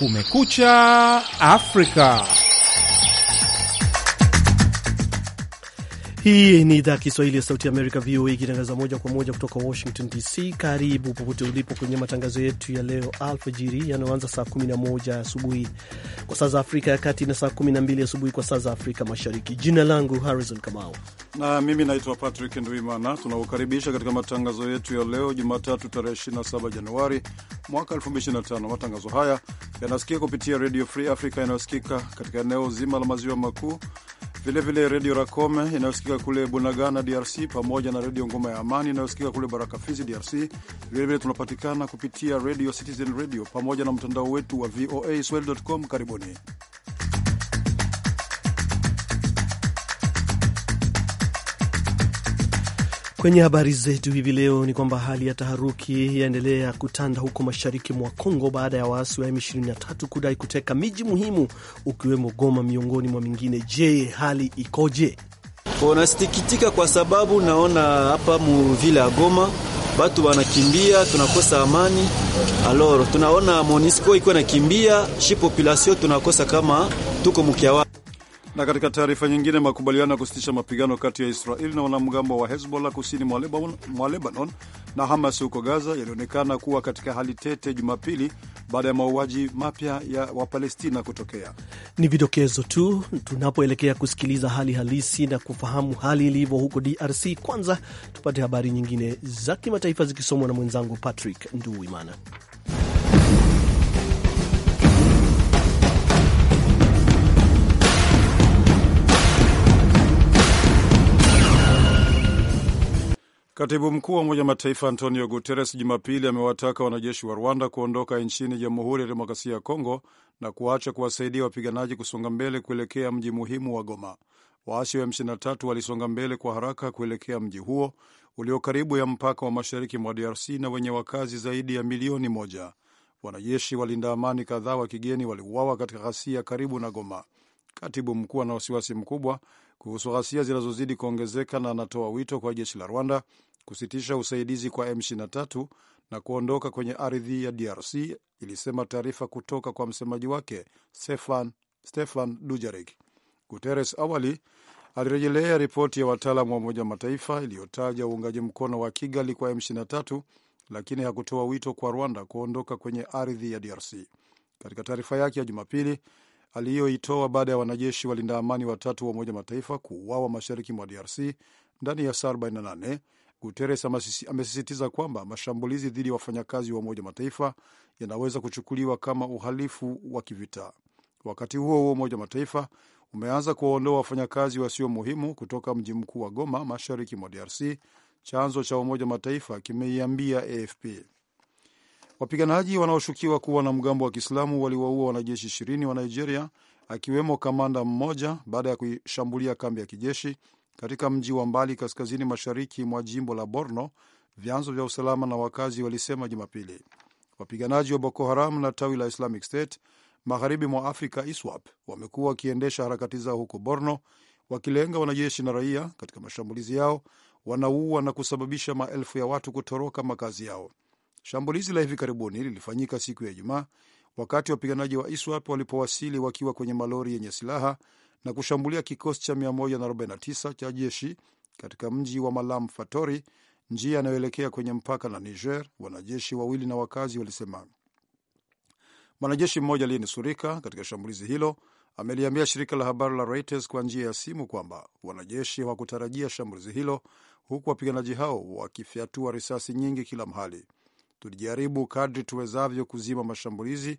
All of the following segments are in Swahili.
Kumekucha Afrika. Hii ni idhaa ya Kiswahili ya Sauti ya Amerika, VOA, ikitangaza moja kwa moja kutoka Washington DC. Karibu popote ulipo kwenye matangazo yetu ya leo alfajiri yanayoanza saa 11 asubuhi kwa saa za Afrika ya Kati na saa 12 asubuhi kwa saa za Afrika Mashariki. Jina langu Harrison Kamau na mimi naitwa Patrick Ndwimana. Tunakukaribisha katika matangazo yetu ya leo Jumatatu, tarehe 27 Januari mwaka 2025. Matangazo haya yanasikia kupitia Radio Free Africa inayosikika katika eneo zima la maziwa makuu vilevile redio Rakome inayosikika kule Bunagana, DRC, pamoja na redio Ngoma ya Amani inayosikika kule Barakafizi, DRC. Vilevile tunapatikana kupitia redio Citizen Radio pamoja na mtandao wetu wa VOA Swahili.com. Karibuni. Kwenye habari zetu hivi leo ni kwamba hali ya taharuki yaendelea kutanda huko mashariki mwa Kongo baada ya waasi wa M23 kudai kuteka miji muhimu ukiwemo Goma miongoni mwa mingine. Je, hali ikoje? Nasikitika kwa sababu naona hapa muvile ya Goma batu wanakimbia, tunakosa amani. Aloro tunaona MONUSCO iko nakimbia shi population tunakosa kama tuko mkiawa na katika taarifa nyingine, makubaliano ya kusitisha mapigano kati ya israel na wanamgambo wa Hezbollah kusini mwa Lebanon na Hamas huko Gaza yalionekana kuwa katika hali tete Jumapili baada ya mauaji mapya ya Wapalestina kutokea. Ni vidokezo tu tunapoelekea kusikiliza hali halisi na kufahamu hali ilivyo huko DRC. Kwanza tupate habari nyingine za kimataifa zikisomwa na mwenzangu Patrick Nduwimana. Katibu mkuu wa Umoja Mataifa Antonio Guterres Jumapili amewataka wanajeshi wa Rwanda kuondoka nchini Jamhuri ya Demokrasia ya Kongo na kuacha kuwasaidia wapiganaji kusonga mbele kuelekea mji muhimu wa Goma. Waasi wa M23 walisonga mbele kwa haraka kuelekea mji huo ulio karibu ya mpaka wa mashariki mwa DRC na wenye wakazi zaidi ya milioni moja. Wanajeshi walinda amani kadhaa wa kigeni waliuawa katika ghasia karibu na Goma. Katibu mkuu ana wasiwasi mkubwa kuhusu ghasia zinazozidi kuongezeka na anatoa wito kwa jeshi la Rwanda kusitisha usaidizi kwa M23 na kuondoka kwenye ardhi ya DRC, ilisema taarifa kutoka kwa msemaji wake Stefan, Stefan Dujarik. guteres awali alirejelea ripoti ya wataalamu wa Umoja Mataifa iliyotaja uungaji mkono wa Kigali kwa M23, lakini hakutoa wito kwa Rwanda kuondoka kwenye ardhi ya DRC. Katika taarifa yake ya Jumapili aliyoitoa baada ya wanajeshi walinda amani watatu wa Umoja Mataifa kuuawa mashariki mwa DRC ndani ya saa 48 Guteres amesisitiza kwamba mashambulizi dhidi ya wafanyakazi wa Umoja Mataifa yanaweza kuchukuliwa kama uhalifu wa kivita. Wakati huo huo, Umoja Mataifa umeanza kuwaondoa wafanyakazi wasio muhimu kutoka mji mkuu wa Goma, mashariki mwa DRC. Chanzo cha Umoja Mataifa kimeiambia AFP wapiganaji wanaoshukiwa kuwa na mgambo wa Kiislamu waliwaua wanajeshi ishirini wa Nigeria, akiwemo kamanda mmoja baada ya kuishambulia kambi ya kijeshi katika mji wa mbali kaskazini mashariki mwa jimbo la Borno, vyanzo vya usalama na wakazi walisema Jumapili. Wapiganaji wa Boko Haram na tawi la Islamic State magharibi mwa Afrika, ISWAP, wamekuwa wakiendesha harakati zao huko Borno, wakilenga wanajeshi na raia. Katika mashambulizi yao, wanaua na kusababisha maelfu ya watu kutoroka makazi yao. Shambulizi la hivi karibuni lilifanyika siku ya Ijumaa wakati wapiganaji wa ISWAP walipowasili wakiwa kwenye malori yenye silaha na kushambulia kikosi cha 149 cha jeshi katika mji wa Malam Fatori, njia anayoelekea kwenye mpaka na Niger, wanajeshi wawili na wakazi walisema. Mwanajeshi mmoja aliyenusurika katika shambulizi hilo ameliambia shirika la habari la Reuters kwa njia ya simu kwamba wanajeshi hawakutarajia shambulizi hilo, huku wapiganaji hao wakifyatua risasi nyingi kila mhali Tulijaribu kadri tuwezavyo kuzima mashambulizi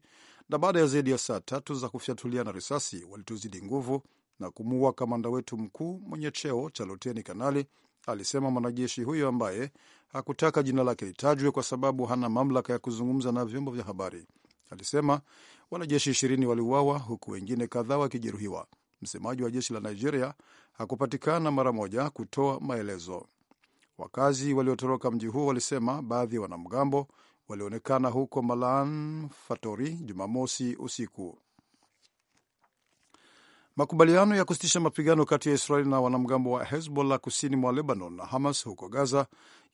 na baada ya zaidi ya saa tatu za kufyatuliana risasi walituzidi nguvu na kumuua kamanda wetu mkuu mwenye cheo cha luteni kanali, alisema mwanajeshi huyo ambaye hakutaka jina lake litajwe kwa sababu hana mamlaka ya kuzungumza na vyombo vya habari. Alisema wanajeshi ishirini waliuawa huku wengine kadhaa wakijeruhiwa. Msemaji wa jeshi la Nigeria hakupatikana mara moja kutoa maelezo. Wakazi waliotoroka mji huo walisema baadhi ya wanamgambo walionekana huko Malan Fatori Jumamosi usiku. Makubaliano ya kusitisha mapigano kati ya Israeli na wanamgambo wa Hezbollah kusini mwa Lebanon na Hamas huko Gaza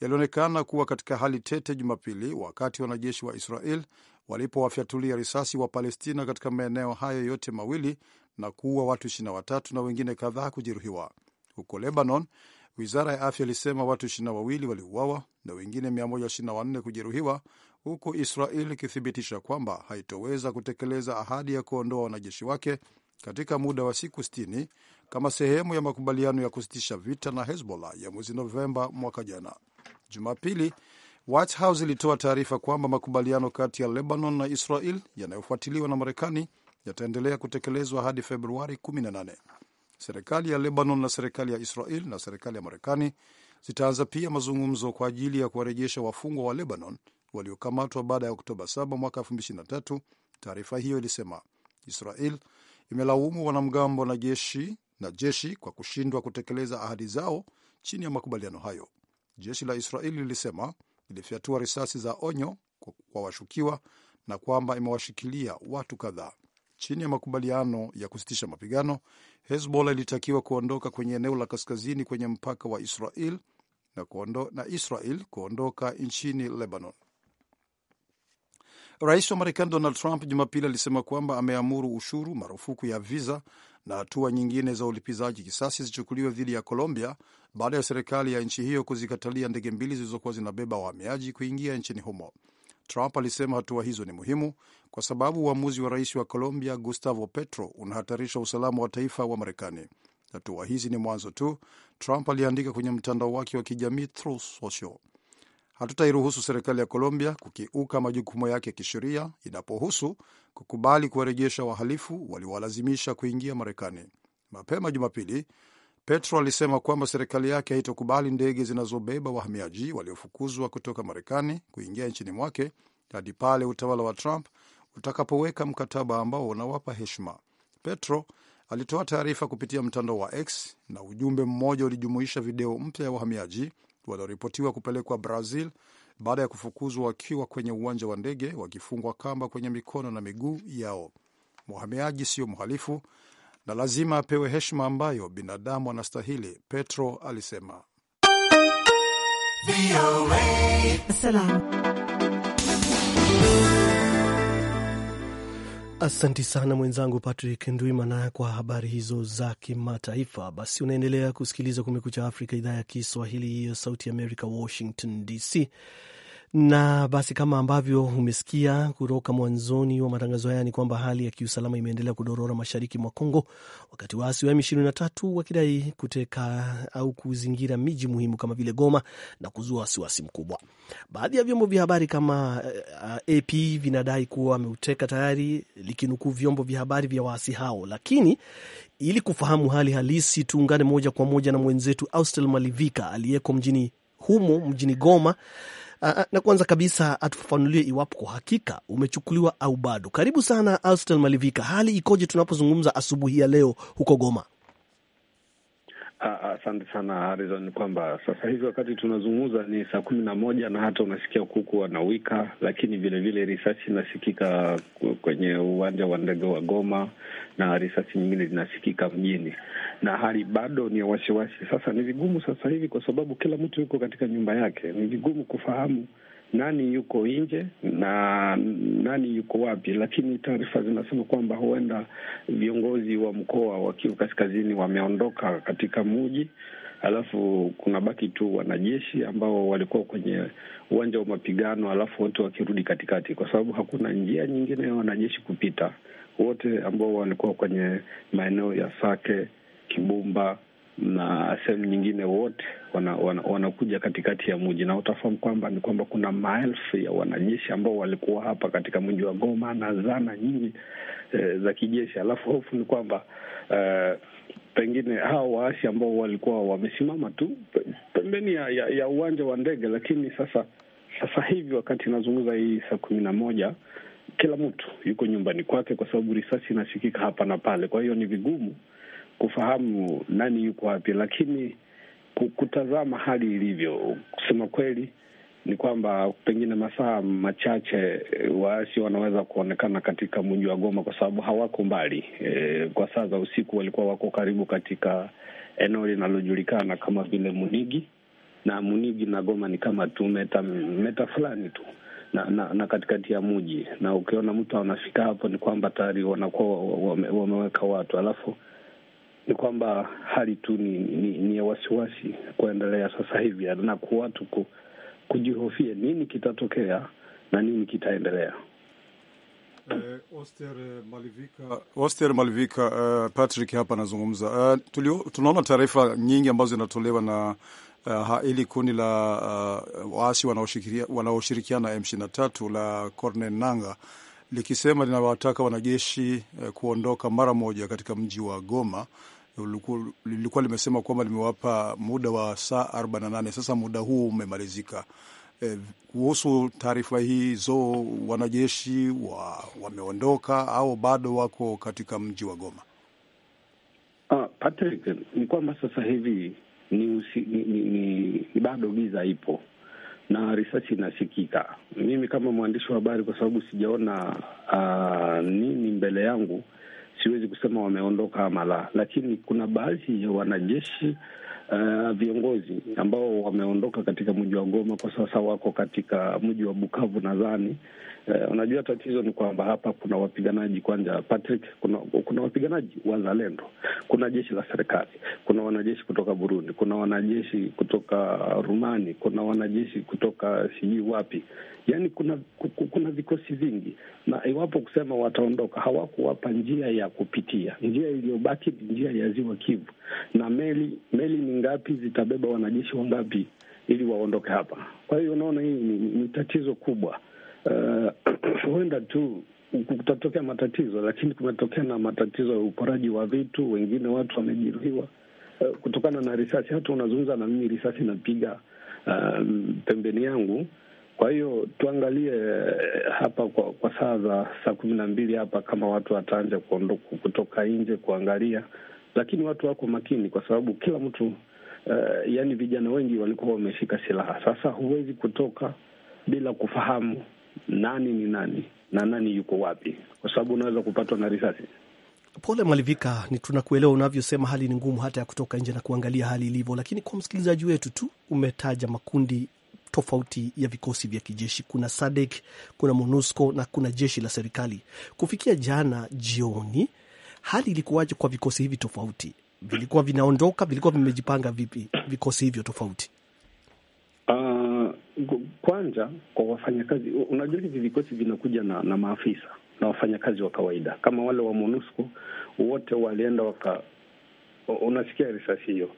yalionekana kuwa katika hali tete Jumapili, wakati wanajeshi wa Israel walipowafyatulia risasi wa Palestina katika maeneo hayo yote mawili na kuua watu 23 na wengine kadhaa kujeruhiwa. Huko Lebanon, wizara ya afya ilisema watu 22 waliuawa na wengine 124 kujeruhiwa huku Israel ikithibitisha kwamba haitoweza kutekeleza ahadi ya kuondoa wanajeshi wake katika muda wa siku 60 kama sehemu ya makubaliano ya kusitisha vita na Hezbollah ya mwezi Novemba mwaka jana. Jumapili, White House ilitoa taarifa kwamba makubaliano kati ya Lebanon na Israel yanayofuatiliwa na Marekani yataendelea kutekelezwa hadi Februari 18. Serikali ya Lebanon na serikali ya Israel na serikali ya Marekani zitaanza pia mazungumzo kwa ajili ya kuwarejesha wafungwa wa Lebanon waliokamatwa baada ya Oktoba 7 mwaka 2023. Taarifa hiyo ilisema Israel imelaumu wanamgambo na jeshi, na jeshi kwa kushindwa kutekeleza ahadi zao chini ya makubaliano hayo. Jeshi la Israel lilisema ilifyatua risasi za onyo kwa washukiwa na kwamba imewashikilia watu kadhaa. Chini ya makubaliano ya kusitisha mapigano, Hezbollah ilitakiwa kuondoka kwenye eneo la kaskazini kwenye mpaka wa Israel na, kuondo, na Israel kuondoka nchini Lebanon. Rais wa Marekani Donald Trump Jumapili alisema kwamba ameamuru ushuru, marufuku ya viza na hatua nyingine za ulipizaji kisasi zichukuliwe dhidi ya Colombia baada ya serikali ya nchi hiyo kuzikatalia ndege mbili zilizokuwa zinabeba wahamiaji kuingia nchini humo. Trump alisema hatua hizo ni muhimu kwa sababu uamuzi wa rais wa Colombia Gustavo Petro unahatarisha usalama wa taifa wa Marekani. Hatua hizi ni mwanzo tu, Trump aliandika kwenye mtandao wake wa kijamii Truth Social hatutairuhusu serikali ya Colombia kukiuka majukumu yake ya kisheria inapohusu kukubali kuwarejesha wahalifu waliowalazimisha kuingia Marekani. Mapema Jumapili, Petro alisema kwamba serikali yake haitokubali ndege zinazobeba wahamiaji waliofukuzwa kutoka Marekani kuingia nchini mwake hadi pale utawala wa Trump utakapoweka mkataba ambao unawapa heshima. Petro alitoa taarifa kupitia mtandao wa X na ujumbe mmoja ulijumuisha video mpya ya wahamiaji walioripotiwa kupelekwa Brazil baada ya kufukuzwa wakiwa kwenye uwanja wa ndege wakifungwa kamba kwenye mikono na miguu yao. Mhamiaji sio mhalifu na lazima apewe heshima ambayo binadamu anastahili, Petro alisema. Asanti sana mwenzangu Patrick Ndwimana kwa habari hizo za kimataifa. Basi unaendelea kusikiliza Kumekucha Afrika, idhaa ya Kiswahili ya Sauti ya Amerika, Washington DC. Na basi kama ambavyo umesikia kutoka mwanzoni wa matangazo haya ni kwamba hali ya kiusalama imeendelea kudorora mashariki mwa Kongo, wakati waasi wa M23 wakidai kuteka au kuzingira miji muhimu kama vile Goma na kuzua wasiwasi mkubwa. Baadhi ya vyombo vya habari kama uh, eh, AP vinadai kuwa wameuteka tayari, likinukuu vyombo vya habari vya waasi hao. Lakini ili kufahamu hali halisi, tuungane moja kwa moja na mwenzetu Austel Malivika aliyeko mjini humo mjini Goma Ah, ah, na kwanza kabisa atufafanulie iwapo kwa hakika umechukuliwa au bado. Karibu sana Austel Malivika, hali ikoje tunapozungumza asubuhi ya leo huko Goma? Ah, ah, asante sana Harizon, kwamba sasa hivi wakati tunazungumza ni saa kumi na moja na hata unasikia kuku wanawika, lakini vilevile risasi inasikika kwenye uwanja wa ndege wa Goma na risasi nyingine zinasikika mjini, na hali bado ni ya wasiwasi. Sasa ni vigumu sasa hivi, kwa sababu kila mtu yuko katika nyumba yake, ni vigumu kufahamu nani yuko nje na nani yuko wapi, lakini taarifa zinasema kwamba huenda viongozi wa mkoa wa Kivu Kaskazini wameondoka katika muji, alafu kuna baki tu wanajeshi ambao walikuwa kwenye uwanja wa mapigano, alafu wote wakirudi katikati, kwa sababu hakuna njia nyingine ya wanajeshi kupita. Wote ambao walikuwa kwenye maeneo ya Sake, Kibumba na sehemu nyingine, wote wanakuja wana, wana katikati ya mji, na utafahamu kwamba ni kwamba kuna maelfu ya wanajeshi ambao walikuwa hapa katika mji wa Goma na zana nyingi e, za kijeshi. Alafu hofu ni kwamba e, pengine hawa waasi ambao walikuwa wamesimama tu pembeni ya, ya, ya uwanja wa ndege, lakini sasa sasa hivi wakati inazungumza hii saa kumi na moja kila mtu yuko nyumbani kwake, kwa sababu risasi inasikika hapa na pale, kwa hiyo ni vigumu kufahamu nani yuko wapi, lakini kutazama hali ilivyo, kusema kweli ni kwamba pengine masaa machache eh, waasi wanaweza kuonekana katika mji wa Goma kwa sababu hawako mbali. E, kwa saa za usiku walikuwa wako karibu katika eneo linalojulikana kama vile Munigi na Munigi na Goma ni kama tu meta, meta fulani tu na, na, na katikati ya mji, na ukiona mtu anafika hapo ni kwamba tayari wanakuwa wameweka watu alafu ni kwamba hali tu ni, ni, ni ya wasiwasi kuendelea sasa hivi na kwa watu ku, kujihofia nini kitatokea na nini kitaendelea. Uh, Oster eh, Malivika, Oster Malivika uh, Patrick hapa anazungumza uh, tunaona taarifa nyingi ambazo zinatolewa na uh, ili kundi la uh, waasi wanaoshirikiana na M23 la Corneille nanga likisema linawataka wanajeshi uh, kuondoka mara moja katika mji wa Goma lilikuwa limesema kwamba limewapa muda wa saa 48. Sasa muda huu umemalizika. Eh, kuhusu taarifa hizo, wanajeshi wa, wameondoka au bado wako katika mji wa Goma? Ah, Patrick, ni kwamba sasa hivi ni, usi, ni, ni, ni, ni bado giza ipo na risasi inasikika. Mimi kama mwandishi wa habari, kwa sababu sijaona uh, nini mbele yangu, siwezi kusema wameondoka ama la, lakini kuna baadhi ya wanajeshi uh, viongozi ambao wameondoka katika mji wa Goma, kwa sasa wako katika mji wa Bukavu nadhani. Uh, unajua tatizo ni kwamba hapa kuna wapiganaji kwanza, Patrick, kuna kuna wapiganaji wazalendo, kuna jeshi la serikali, kuna wanajeshi kutoka Burundi, kuna wanajeshi kutoka Rumani, kuna wanajeshi kutoka sijui wapi Yani kuna kuna vikosi vingi, na iwapo kusema wataondoka, hawakuwapa njia ya kupitia. Njia iliyobaki ni njia ya ziwa Kivu. Na meli meli ni ngapi? Zitabeba wanajeshi wangapi ili waondoke hapa? Kwa hiyo unaona, hii ni, ni tatizo kubwa. Uh, huenda uh, tu kutatokea matatizo, lakini kumetokea na matatizo ya uporaji wa vitu, wengine watu wamejeruhiwa uh, kutokana na risasi. Hata unazungumza na mimi, risasi inapiga uh, pembeni yangu kwa hiyo tuangalie eh, hapa kwa, kwa saa za saa kumi na mbili hapa kama watu wataanja kutoka nje kuangalia, lakini watu wako makini kwa sababu kila mtu uh, yani vijana wengi walikuwa wameshika silaha. Sasa huwezi kutoka bila kufahamu nani ni nani na nani yuko wapi, kwa sababu unaweza kupatwa na risasi. Pole Malivika, ni tunakuelewa unavyosema, hali ni ngumu hata ya kutoka nje na kuangalia hali ilivyo, lakini kwa msikilizaji wetu tu umetaja makundi tofauti ya vikosi vya kijeshi. Kuna SADC, kuna MONUSCO na kuna jeshi la serikali. Kufikia jana jioni, hali ilikuwaje kwa vikosi hivi tofauti? Vilikuwa vinaondoka, vilikuwa vimejipanga vipi vikosi hivyo tofauti? Uh, kwanza kwa wafanyakazi, unajua hivi vikosi vinakuja na, na maafisa na wafanyakazi wa kawaida kama wale wa MONUSCO wote walienda waka unasikia risasi hiyo.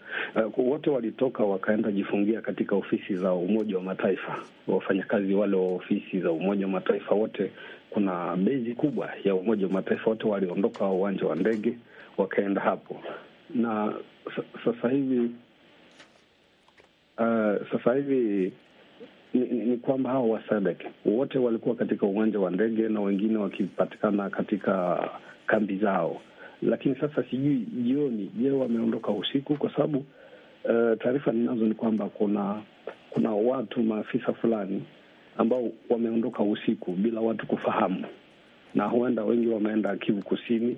Uh, wote walitoka wakaenda jifungia katika ofisi za Umoja wa Mataifa. Wafanyakazi wale wa ofisi za Umoja wa Mataifa wote, kuna bezi kubwa ya Umoja wa Mataifa, wote waliondoka uwanja wa ndege wakaenda hapo, na sasa hivi uh, sasa hivi ni, ni, ni kwamba hao wasadek wote walikuwa katika uwanja wa ndege na wengine wakipatikana katika kambi zao lakini sasa sijui jioni, je, wameondoka usiku? Kwa sababu uh, taarifa ninazo ni kwamba kuna kuna watu maafisa fulani ambao wameondoka usiku bila watu kufahamu, na huenda wengi wameenda Kivu Kusini.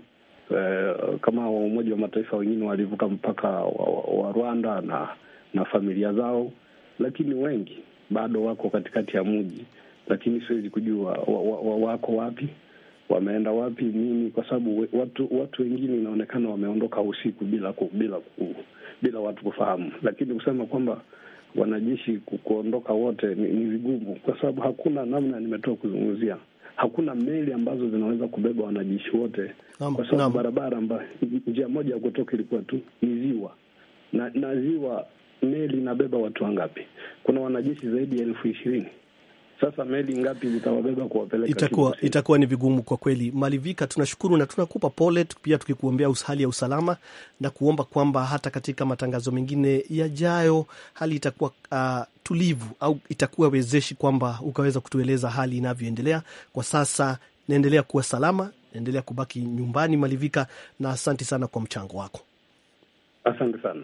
Uh, kama Umoja wa Mataifa wengine walivuka mpaka wa, wa, wa Rwanda na na familia zao, lakini wengi bado wako katikati ya mji, lakini siwezi kujua wa, wa, wa, wako wapi wameenda wapi nini, kwa sababu watu watu wengine inaonekana wameondoka usiku bila ku, bila ku, bila watu kufahamu, lakini kusema kwamba wanajeshi kuondoka wote ni, ni vigumu kwa sababu hakuna namna, nimetoa kuzungumzia hakuna meli ambazo zinaweza kubeba wanajeshi wote kwa sababu barabara ambayo njia moja ya kutoka ilikuwa tu ni ziwa na, na ziwa meli inabeba watu wangapi? Kuna wanajeshi zaidi ya elfu ishirini sasa meli ngapi zitawabeba kuwapeleka? Itakuwa itakuwa ni vigumu kwa kweli. Malivika, tunashukuru na tunakupa pole pia, tukikuombea hali ya usalama na kuomba kwamba hata katika matangazo mengine yajayo hali itakuwa uh, tulivu au itakuwa wezeshi kwamba ukaweza kutueleza hali inavyoendelea kwa sasa. Naendelea kuwa salama, naendelea kubaki nyumbani Malivika, na asante sana kwa mchango wako. Asante sana.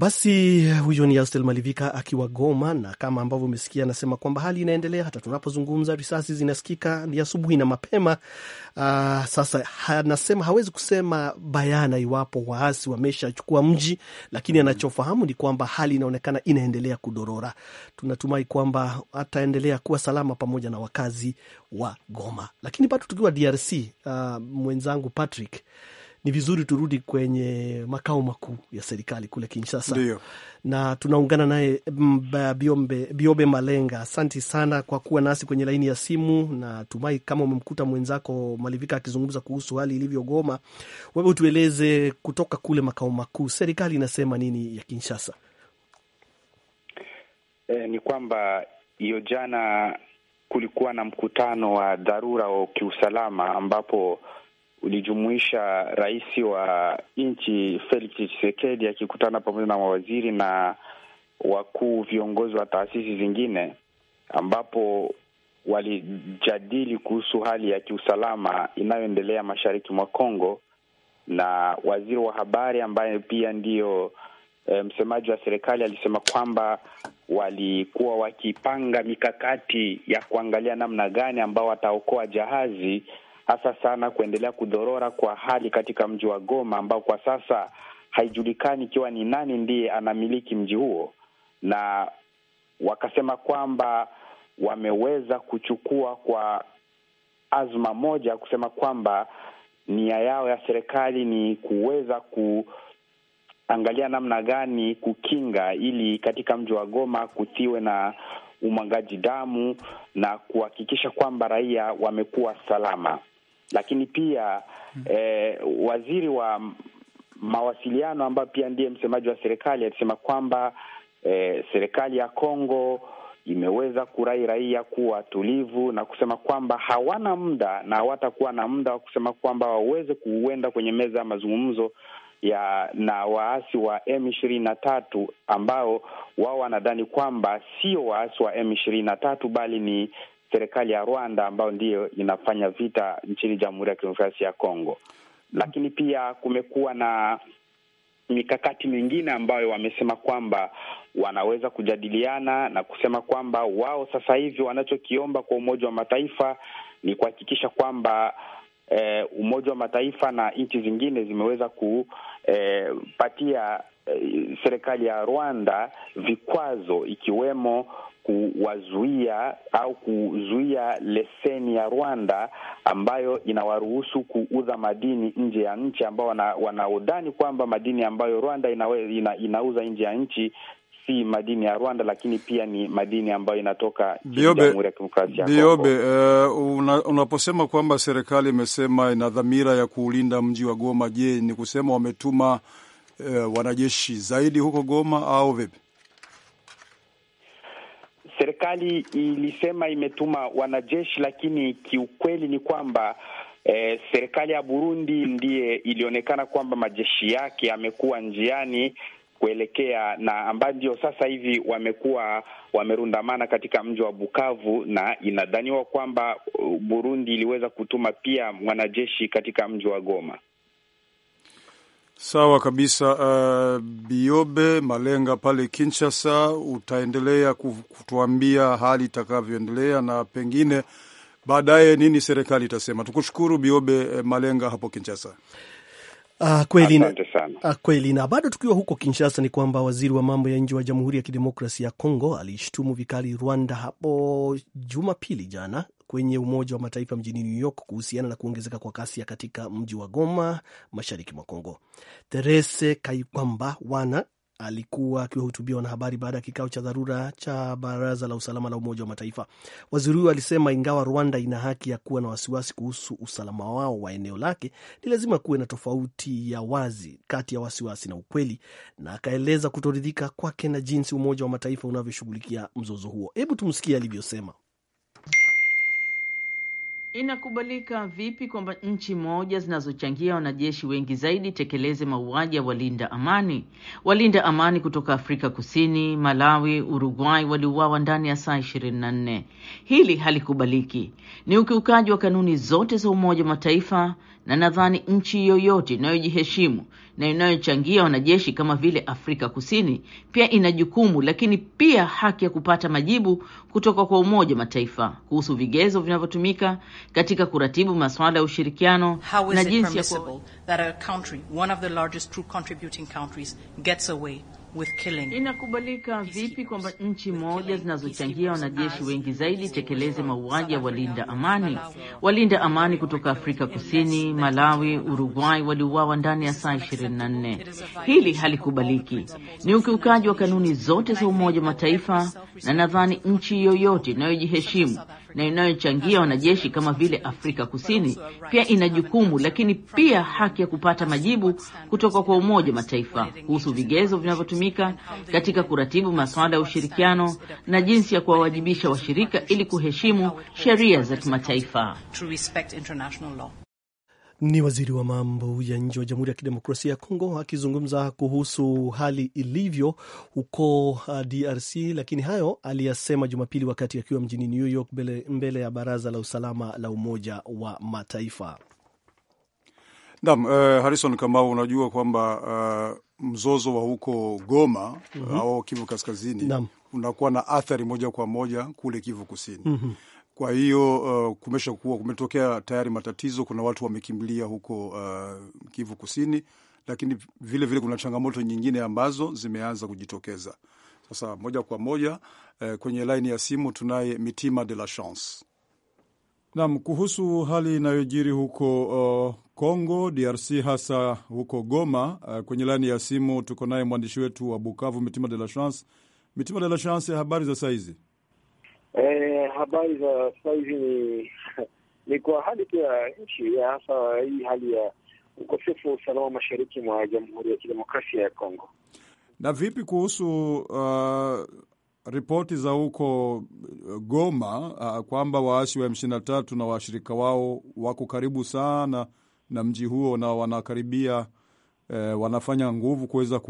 Basi huyo ni Austel Malivika akiwa Goma, na kama ambavyo umesikia, anasema kwamba hali inaendelea hata tunapozungumza, risasi zinasikika, ni asubuhi na mapema. Uh, sasa anasema hawezi kusema bayana iwapo waasi wameshachukua mji, lakini hmm. anachofahamu ni kwamba hali inaonekana inaendelea kudorora. Tunatumai kwamba ataendelea kuwa salama pamoja na wakazi wa Goma. Lakini bado tukiwa DRC, uh, ah, mwenzangu Patrick ni vizuri turudi kwenye makao makuu ya serikali kule Kinshasa. Ndiyo. na tunaungana naye mm, Biobe Malenga. Asanti sana kwa kuwa nasi kwenye laini ya simu, na tumai kama umemkuta mwenzako Malivika akizungumza kuhusu hali ilivyo Goma. Wewe utueleze kutoka kule makao makuu, serikali inasema nini ya Kinshasa? E, ni kwamba hiyo jana kulikuwa na mkutano wa dharura wa kiusalama ambapo ulijumuisha rais wa nchi Felix Tshisekedi akikutana pamoja na mawaziri na wakuu viongozi wa taasisi zingine, ambapo walijadili kuhusu hali ya kiusalama inayoendelea mashariki mwa Kongo, na waziri wa habari ambaye pia ndiyo e, eh, msemaji wa serikali alisema kwamba walikuwa wakipanga mikakati ya kuangalia namna gani ambao wataokoa jahazi hasa sana kuendelea kudhorora kwa hali katika mji wa Goma ambao kwa sasa haijulikani ikiwa ni nani ndiye anamiliki mji huo, na wakasema kwamba wameweza kuchukua kwa azma moja kusema kwamba nia yao ya serikali ni kuweza kuangalia namna gani kukinga ili katika mji wa Goma kutiwe na umwangaji damu na kuhakikisha kwamba raia wamekuwa salama lakini pia hmm. eh, waziri wa mawasiliano ambayo pia ndiye msemaji wa serikali alisema kwamba eh, serikali ya Kongo imeweza kurai raia kuwa tulivu na kusema kwamba hawana muda na hawatakuwa na muda wa kusema kwamba waweze kuenda kwenye meza ya mazungumzo ya na waasi wa m ishirini na tatu ambao wao wanadhani kwamba sio waasi wa m ishirini na tatu bali ni serikali ya Rwanda ambayo ndiyo inafanya vita nchini Jamhuri ya Kidemokrasia ya Kongo. Lakini pia kumekuwa na mikakati mingine ambayo wamesema kwamba wanaweza kujadiliana na kusema kwamba wao sasa hivi wanachokiomba kwa Umoja wa Mataifa ni kuhakikisha kwamba eh, Umoja wa Mataifa na nchi zingine zimeweza kupatia eh, Eh, serikali ya Rwanda vikwazo ikiwemo kuwazuia au kuzuia leseni ya Rwanda ambayo inawaruhusu kuuza madini nje ya nchi, ambao wanaodhani kwamba madini ambayo Rwanda inawe, ina, inauza nje ya nchi si madini ya Rwanda, lakini pia ni madini ambayo inatoka Jamhuri ya Kidemokrasia ya Kongo. Uh, una, unaposema kwamba serikali imesema ina dhamira ya kuulinda mji wa Goma, je, ni kusema wametuma uh, wanajeshi zaidi huko Goma au vipi? Serikali ilisema imetuma wanajeshi, lakini kiukweli ni kwamba Eh, serikali ya Burundi ndiye ilionekana kwamba majeshi yake yamekuwa njiani kuelekea na ambayo ndio sasa hivi wamekuwa wamerundamana katika mji wa Bukavu, na inadhaniwa kwamba uh, Burundi iliweza kutuma pia mwanajeshi katika mji wa Goma. Sawa kabisa. Uh, Biobe Malenga pale Kinshasa, utaendelea kutuambia hali itakavyoendelea na pengine baadaye nini serikali itasema. Tukushukuru Biobe uh, Malenga hapo Kinshasa. Uh, kweli na, uh, kweli na bado tukiwa huko Kinshasa ni kwamba waziri wa mambo ya nje wa Jamhuri ya Kidemokrasia ya Kongo aliishtumu vikali Rwanda hapo Jumapili jana kwenye Umoja wa Mataifa mjini New York kuhusiana na kuongezeka kwa kasi katika mji wa Goma, mashariki mwa Kongo. Therese Kaikwamba wana alikuwa akiwahutubia wanahabari baada ya kikao cha dharura cha Baraza la Usalama la Umoja wa Mataifa. Waziri huyo alisema ingawa Rwanda ina haki ya kuwa na wasiwasi kuhusu usalama wao wa eneo lake, ni lazima kuwe na tofauti ya wazi kati ya wasiwasi na ukweli, na akaeleza kutoridhika kwake na jinsi Umoja wa Mataifa unavyoshughulikia mzozo huo. Hebu tumsikie alivyosema. Inakubalika vipi kwamba nchi moja zinazochangia wanajeshi wengi zaidi tekeleze mauaji ya walinda amani? Walinda amani kutoka Afrika Kusini, Malawi, Uruguay waliuawa ndani ya saa 24. Hili halikubaliki, ni ukiukaji wa kanuni zote za Umoja wa Mataifa, na nadhani nchi yoyote inayojiheshimu na inayochangia wanajeshi kama vile Afrika Kusini pia ina jukumu, lakini pia haki ya kupata majibu kutoka kwa Umoja Mataifa kuhusu vigezo vinavyotumika katika kuratibu masuala ya ushirikiano na jinsi ya Inakubalika vipi kwamba nchi moja zinazochangia wanajeshi wengi zaidi tekeleze mauaji ya walinda amani? Walinda amani kutoka Afrika Kusini, Malawi, Uruguay waliuawa ndani ya saa 24. Hili halikubaliki, ni ukiukaji wa kanuni zote za Umoja wa Mataifa, na nadhani nchi yoyote inayojiheshimu na inayochangia wanajeshi kama vile Afrika Kusini pia ina jukumu, lakini pia haki ya kupata majibu kutoka kwa Umoja Mataifa kuhusu vigezo vinavyotumika katika kuratibu masuala ya ushirikiano na jinsi ya kuwawajibisha washirika ili kuheshimu sheria za kimataifa. Ni waziri wa mambo ya nje wa Jamhuri ya Kidemokrasia ya Kongo akizungumza kuhusu hali ilivyo huko uh, DRC, lakini hayo aliyasema Jumapili wakati akiwa mjini New York mbele, mbele ya Baraza la Usalama la Umoja wa Mataifa. Naam, eh, Harrison Kamau, unajua kwamba eh, mzozo wa huko Goma mm -hmm. au Kivu Kaskazini unakuwa na athari moja kwa moja kule Kivu Kusini mm -hmm. Kwa hiyo uh, kumesha kuwa kumetokea tayari matatizo, kuna watu wamekimbilia huko uh, Kivu Kusini, lakini vilevile vile kuna changamoto nyingine ambazo zimeanza kujitokeza sasa. Moja kwa moja uh, kwenye laini ya simu tunaye Mitima de la Chance nam kuhusu hali inayojiri huko Congo uh, DRC hasa huko Goma. Uh, kwenye laini ya simu tuko naye mwandishi wetu wa Bukavu Mitima de la Chance. Mitima de la Chance, habari za saizi? Eh, habari za sasa hivi ni ni kwa hali tu ya nchi, hasa hii hali ya ukosefu wa usalama mashariki mwa Jamhuri ya Kidemokrasia ya Kongo. Na vipi kuhusu uh, ripoti za huko Goma uh, kwamba waasi wa M23 na washirika wao wako karibu sana na mji huo na wanakaribia eh, wanafanya nguvu kuweza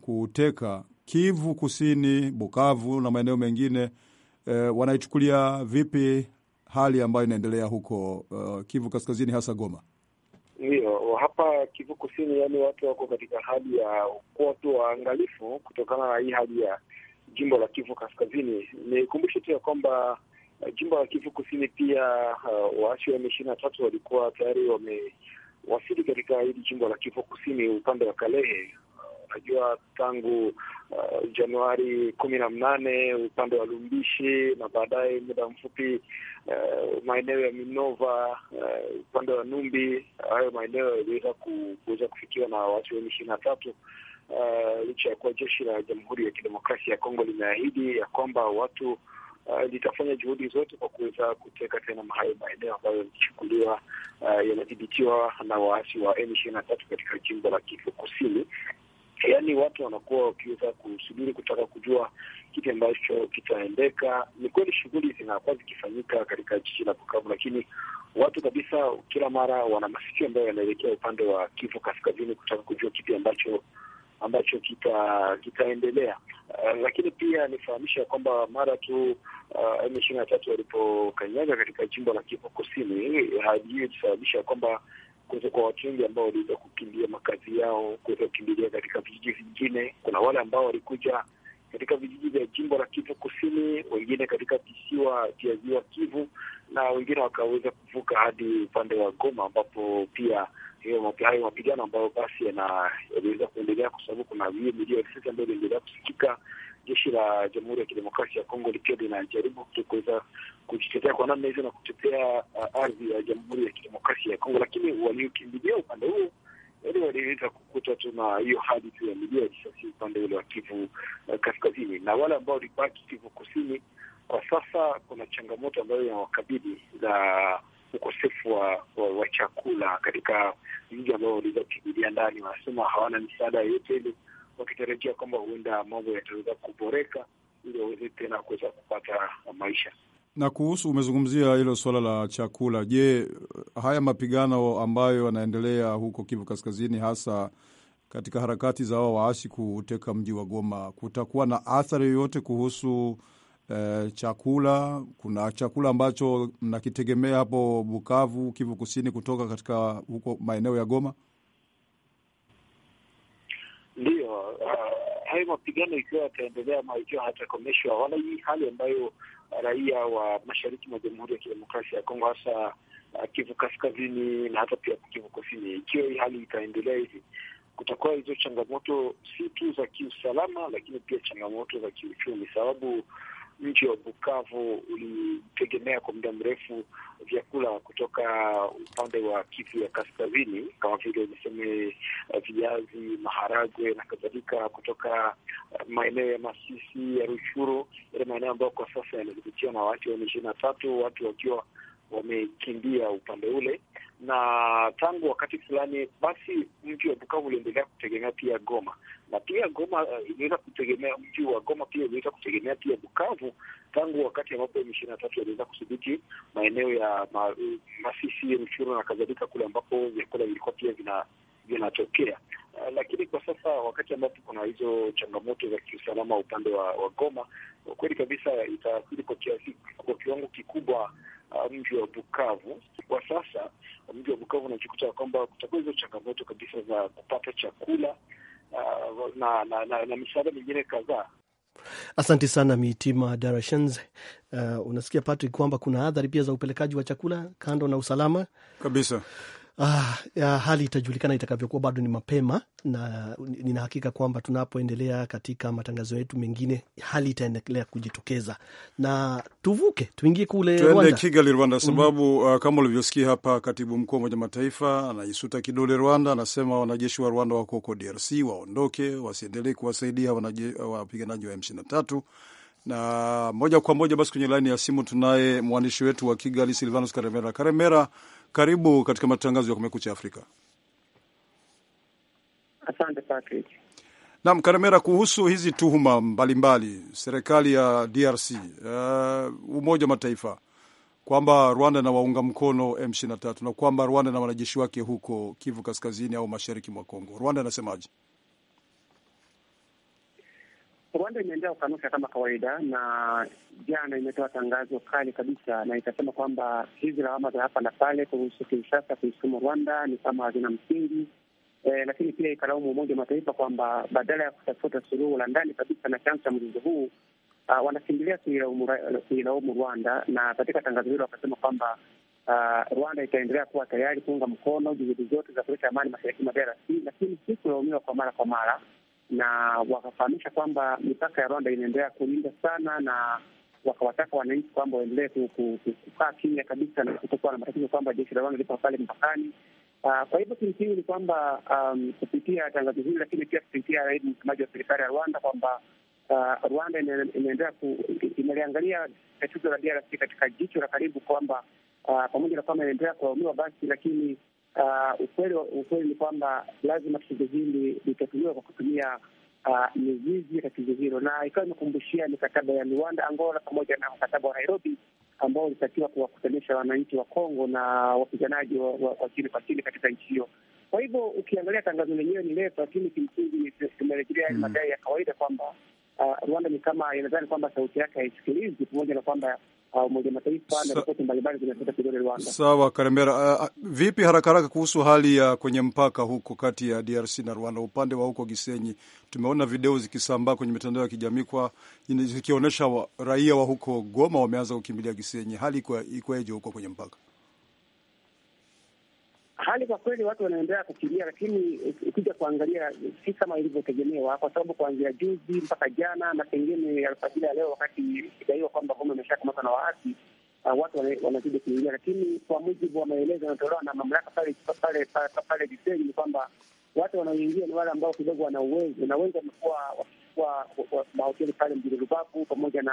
kuteka Kivu Kusini, Bukavu na maeneo mengine eh, wanaichukulia vipi hali ambayo inaendelea huko uh, Kivu Kaskazini, hasa Goma? Ndio, hapa Kivu Kusini, yani watu wako katika hali ya kuwa tu waangalifu kutokana na hii hali ya jimbo la Kivu Kaskazini. Nikumbushe tu ya kwamba eh, jimbo la Kivu Kusini pia uh, waasi wa M ishirini na tatu walikuwa tayari wamewasili katika hili jimbo la Kivu Kusini upande wa Kalehe Unajua, tangu uh, Januari kumi na mnane upande wa Lumbishi na baadaye muda mfupi uh, maeneo ya Minova uh, upande wa Numbi, hayo maeneo yaliweza kuweza kufikiwa na watu wenye ishirini na tatu uh, licha uh, ya kuwa jeshi la Jamhuri ya Kidemokrasia ya Kongo limeahidi ya kwamba watu Uh, litafanya juhudi zote kwa kuweza kuteka tena mahayo maeneo ambayo yalichukuliwa, uh, yanadhibitiwa na waasi wa M ishirini na tatu katika jimbo la Kivu Kusini, yaani watu wanakuwa wakiweza kusubiri kutaka kujua kitu ambacho kitaendeka. Ni kweli shughuli zinakuwa zikifanyika katika jiji la Bukavu, lakini watu kabisa kila mara wana masikio ambayo yanaelekea upande wa Kivu Kaskazini kutaka kujua kitu ambacho ambacho kitaendelea kita uh, eh, lakini pia nifahamisha kwamba mara tu eh, M ishirini na tatu walipokanyaga katika jimbo la Kivu Kusini, hali hiyo ilisababisha kwamba kuweza kwa watu wengi ambao waliweza kukimbia makazi yao, kuweza kukimbilia katika kuna wale ambao walikuja katika vijiji vya jimbo la Kivu Kusini, wengine katika visiwa vya ziwa Kivu na wengine wakaweza kuvuka hadi upande wa Goma, ambapo pia hayo mapigano ambayo basi yaliweza kuendelea, kwa sababu kuna hiyo milio risasi ambayo iliendelea kusikika. Jeshi la Jamhuri ya Kidemokrasia ya Kongo likiwa linajaribu kuweza kujitetea kwa namna hizo na kutetea ardhi ya Jamhuri ya Kidemokrasia ya Kongo, lakini waliokimbilia upande huo waliweza kukuta tu na hiyo hali tu ya milio ya risasi upande ule wa Kivu uh, kaskazini na wale ambao walibaki Kivu kusini. Kwa sasa kuna changamoto ambayo inawakabili za ukosefu wa, wa, wa chakula katika mji ambao waliweza kukimbilia ndani. Wanasema hawana misaada yoyote ile, wakitarajia kwamba huenda mambo yataweza kuboreka ili waweze tena kuweza kupata maisha. Na kuhusu umezungumzia hilo suala la chakula, je, haya mapigano ambayo yanaendelea huko Kivu Kaskazini, hasa katika harakati za wao waasi kuteka mji wa Goma, kutakuwa na athari yoyote kuhusu eh, chakula? Kuna chakula ambacho mnakitegemea hapo Bukavu, Kivu Kusini, kutoka katika huko maeneo ya Goma? Ndiyo, uh, ah, hayo mapigano ikiwa yataendelea ama ikiwa hatakomeshwa, wala hii hali ambayo raia wa mashariki mwa Jamhuri ya Kidemokrasia ya Kongo, hasa uh, Kivu Kaskazini na hata pia Kivu Kusini. Ikiwa hii hali itaendelea hivi, kutakuwa hizo changamoto si tu za kiusalama, lakini pia changamoto za kiuchumi, sababu mji wa Bukavu ulitegemea kwa muda mrefu vyakula kutoka upande wa Kivu ya kaskazini kama vile niseme eh, viazi, maharagwe na kadhalika kutoka eh, maeneo ya Masisi, ya rushuru yale maeneo ambayo kwa sasa yanadhibitiwa na watu wenye ishirini na tatu, watu wakiwa wamekimbia upande ule, na tangu wakati fulani basi mji wa Bukavu uliendelea kutegemea pia Goma na pia Goma uh, iliweza kutegemea mji wa Goma pia iliweza kutegemea pia Bukavu tangu wakati ambapo M ishirini na tatu yaliweza kudhibiti maeneo ya ma, Masisi, Rutshuru na kadhalika kule ambapo vyakula vilikuwa pia vina vinatokea uh, lakini kwa sasa wakati ambapo kuna hizo changamoto za kiusalama upande wa, wa Goma kwa kweli kabisa itaathiri kwa kiasi kwa kiwango kikubwa uh, mji wa Bukavu. Kwa sasa mji wa Bukavu unajikuta kwamba kutakuwa hizo changamoto kabisa za kupata chakula na, na, na, na misaada mingine kadhaa. asanti sana Mitima Darashanze. Uh, unasikia Patrick kwamba kuna athari pia za upelekaji wa chakula kando na usalama kabisa. Ah, ya hali itajulikana itakavyokuwa, bado ni mapema, na nina hakika kwamba tunapoendelea katika matangazo yetu mengine hali itaendelea kujitokeza, na tuvuke tuingie kule tuende Kigali, Rwanda, mm. sababu mm, uh, kama ulivyosikia hapa, katibu mkuu wa Umoja Mataifa anaisuta kidole Rwanda, anasema wanajeshi wa Rwanda wako huko DRC waondoke, wasiendelee kuwasaidia wapiganaji wa M23 na moja kwa moja basi kwenye laini ya simu tunaye mwandishi wetu wa Kigali, Silvanus Karemera. Karemera, karibu katika matangazo ya Kumekucha Afrika. Asante Patrick. Naam, Karemera, kuhusu hizi tuhuma mbalimbali, serikali ya DRC, uh, eh, Umoja wa Mataifa kwamba Rwanda na waunga mkono M23 na kwamba Rwanda na wanajeshi wake huko Kivu Kaskazini au mashariki mwa Kongo, Rwanda inasemaje? Rwanda imeendelea kukanusha kama kawaida, na jana imetoa tangazo kali kabisa, na ikasema kwamba hizi lawama za hapa na pale kuhusu Kinshasa kuisukuma Rwanda ni kama hazina msingi eh, lakini pia ikalaumu Umoja wa Mataifa kwamba badala ya kutafuta suluhu la ndani kabisa na chanzo cha mzozo huu uh, wanakimbilia kuilaumu Rwanda, na katika tangazo hilo wakasema kwamba uh, Rwanda itaendelea kuwa tayari kuunga mkono juhudi zote za kuleta amani mashariki mwa DRC, lakini si kulaumiwa kwa mara kwa mara na wakafahamisha kwamba mipaka ya Rwanda inaendelea kulinda sana, na wakawataka wananchi kwamba waendelee kukaa kimya kabisa na kutokuwa na matatizo kwamba jeshi la Rwanda lipo pale mpakani. Uh, kwa hivyo kimsingi ni kwamba um, kupitia tangazo hili, lakini pia kupitia naibu msemaji wa serikali ya Rwanda kwamba uh, Rwanda inaendelea imeliangalia tatizo la DRC katika jicho la karibu kwamba ah, pamoja na kwamba inaendelea kuwaumiwa basi, lakini uh, ukweli ukweli ni kwamba lazima tatizo hili litatuliwa kwa kutumia uh, mizizi uh, ya tatizo hilo, na ikawa imekumbushia mikataba ya Luanda, Angola pamoja na mkataba wa Nairobi ambao ulitakiwa kuwakutanisha wananchi wa Kongo na wapiganaji wa, wa, wa chini kwa chini katika nchi hiyo. Kwa hivyo ukiangalia tangazo lenyewe ni refu, lakini kimsingi imerejelea yale mm. madai ya kawaida kwamba uh, Rwanda ni kama inadhani kwamba sauti yake haisikilizwi, pamoja na kwamba Umoja Mataifa na ripoti mbalimbali zinatoka kidole Rwanda. Sawa, Karembera. Uh, uh, vipi haraka haraka kuhusu hali ya kwenye mpaka huko kati ya DRC na Rwanda upande wa huko Gisenyi, tumeona video zikisambaa kwenye mitandao ya kijamii kwa zikionyesha raia wa huko Goma wameanza kukimbilia Gisenyi. Hali iko ikoje huko kwenye mpaka? hali kwa kweli watu wanaendelea kukilia lakini ukija kuangalia si kama ilivyotegemewa, kwa sababu kuanzia juzi mpaka jana na pengine alfajiri ya leo, wakati ikidaiwa kwamba Goma kamata na waasi, uh, watu wanazidi kuingia. Lakini kwa mujibu wa maelezo yanayotolewa na mamlaka pale pale pale Viseni ni kwamba watu wanaoingia ni wale ambao kidogo wana uwezo, na wengi wamekuwa kwa mahoteli pale mjini Rubavu pamoja na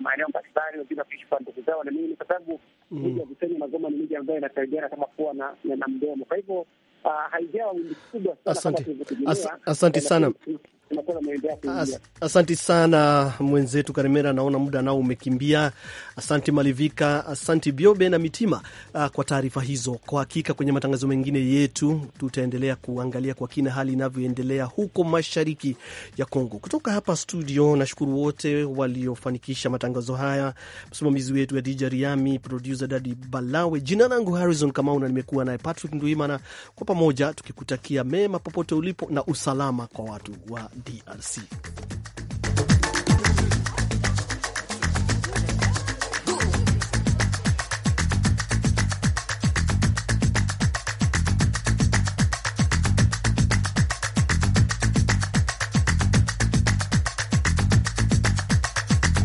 maeneo mbalimbali, wengine wakiishi kwa ndugu zao na nini, kwa sababu miji mm. ya Visenyi na Goma ni miji ambayo inasaidiana kama kuwa na mdomo. Kwa hivyo ah, haijawa wimbi kubwa sana. Asante sana tunakuwa As, asanti sana mwenzetu Karimera, naona muda nao umekimbia. Asanti Malivika, asanti Biobe na Mitima uh, kwa taarifa hizo. Kwa hakika kwenye matangazo mengine yetu tutaendelea kuangalia kwa kina hali inavyoendelea huko mashariki ya Kongo. Kutoka hapa studio, nashukuru wote waliofanikisha matangazo haya, msimamizi wetu Adija Riami, produsa Dadi Balawe. Jina langu Harrison Kamau na nimekuwa naye Patrick Nduimana, kwa pamoja tukikutakia mema popote ulipo na usalama kwa watu wa DRC.